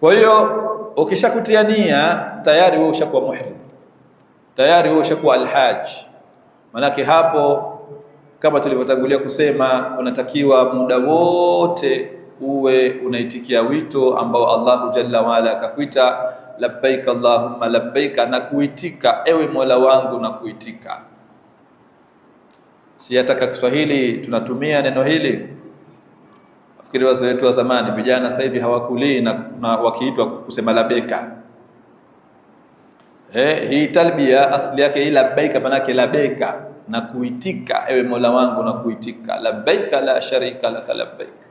Kwa hiyo ukishakutia nia tayari wewe ushakuwa muhrim, tayari wewe ushakuwa alhaji. Manake hapo kama tulivyotangulia kusema, unatakiwa muda wote uwe unaitikia wito ambao Allahu jalla waala akakuita labbaik allahumma labbaik, na kuitika ewe mola wangu na kuitika. Si hata kwa Kiswahili tunatumia neno hili Nafikiri wazee wetu wa zamani, vijana sasa hivi hawakulii na, na wakiitwa kusema labeka. Eh, hii talbia asili yake hii labaika, manake labeka na kuitika, ewe Mola wangu na kuitika, labaika la sharika laka labaika,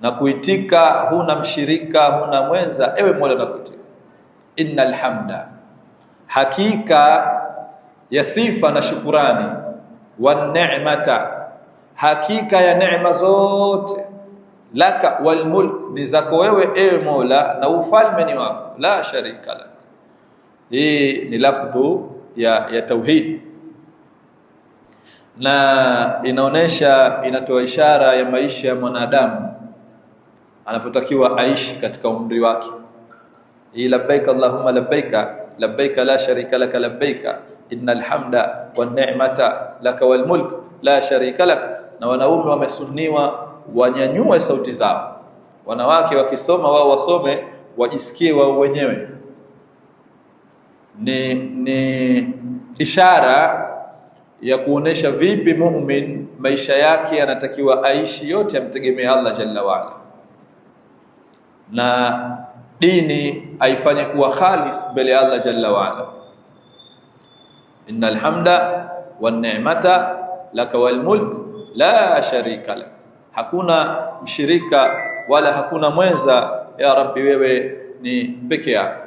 na kuitika huna mshirika huna mwenza, ewe Mola na kuitika. Innal hamda, hakika ya sifa na shukurani, wa neemata, hakika ya neema zote laka wal mulk, ni zako wewe ewe Mola, na ufalme ni wako, la sharika lak. Hii ni lafdhu ya, ya tauhid na inaonesha, inatoa ishara ya maisha ya mwanadamu anavyotakiwa aishi katika umri wake. Hii labbaika allahumma labbaika labbaika la sharika laka labbaika innal hamda wan ni'mata laka wal mulk la sharika lak. Na wanaume wamesunniwa wanyanyue sauti zao, wanawake wakisoma wao wasome, wajisikie wao wenyewe. Ni, ni ishara ya kuonesha vipi mumin maisha yake anatakiwa aishi yote amtegemee Allah jalla waala, na dini aifanye kuwa khalis mbele ya Allah jalla waala. Innal hamda wan ni'mata laka wal mulk la sharika lak hakuna mshirika wala hakuna mwenza ya Rabbi wewe ni peke yako